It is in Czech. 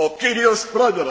o Kyrios Prodera.